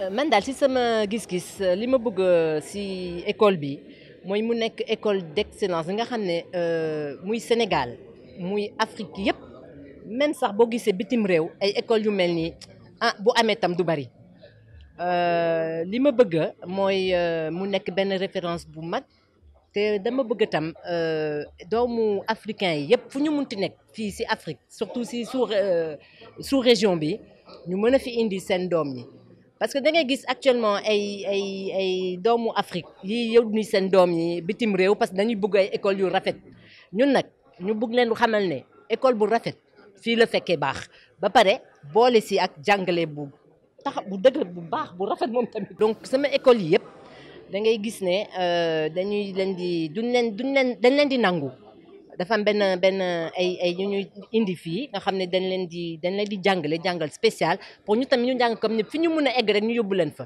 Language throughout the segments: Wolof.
Euh, man dal ci sama gis-gis euh, li ma bëgg euh, ci école bi moy mu nekk école d'excellence nga xamné euh muy Sénégal muy Afrique yépp même sax bo gisee bitim réew ay école yu melni ah bu amé tam du bari li ma bëgg moy mu nekk ben référence bu mag té dama bëgg tam doomu africain yépp fu ñu munti nekk fi ci Afrique surtout ci sous sous région bi ñu mëna fi indi sen doom yi parce que da ngay gis actuellement ay ay ay doomu Afrique yi yow ni sen dom yi bitim rew parce que dañuy bëgg ay école yu rafet ñun nak ñu bëgg leen xamal ne école bu rafet fi la fekkee bax ba paré bolé si ak jangalé bu tax bu dëgër bu bax bu rafet mom tamit. donc sama école yi yëpp da ngay gis ne euh, dañuy leen di duñ leen duñ leen dañ leen di nangu dafa ben ben benn ay ay ñu indi fi nga xamné dañ leen di dañ leen di jàngalé jàngal spécial pour ñu tam ñu jàng comme ni fi ñu mëna égg rek ñu yóbbu leen fa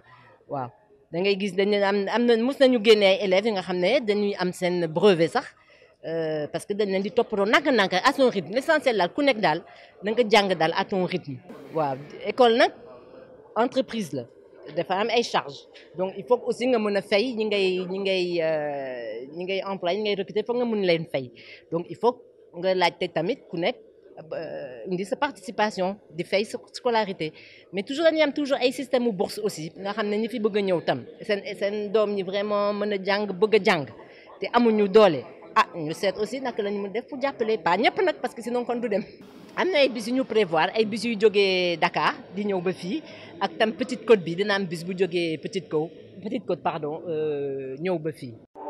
waaw da ngay gis dañ am am na mos nañu génné ay élèves yi nga xamné ne dañuy am sen brevet sax euh, parce que dañ leen di toppatoo nak nak à son rythme l'essentiel dal ku nekk dal da nga jàng dal à ton rythme. waaw école nag entreprise la dafa am ay charges donc il faut aussi nga mëna fay ñi ngay ñi ngay. Euh, ñi ngay employé ngay recruter foog nga mun leen fay donc il faut nga laajte tamit ku nekk euh, indi sa participation di fay sa scolarité mais toujours dañuy am toujours ay système u bourse aussi nga xam ne ñi fi bëgg a ñëw tam seen seen doom ñi vraiment mën a jàng bëgg a jàng te amuñu doole ah ñu seet aussi naka la ñu mun def pour jàppale pas ñëpp nag parce que sinon kon du dem. am na ay bis yu ñu prévoir ay bis yu jógee Dakar di ñëw ba fii ak tam Petite Côte bi dina am bis bu jógee Petite Côte Petite Côte pardon euh, ñëw ba fii.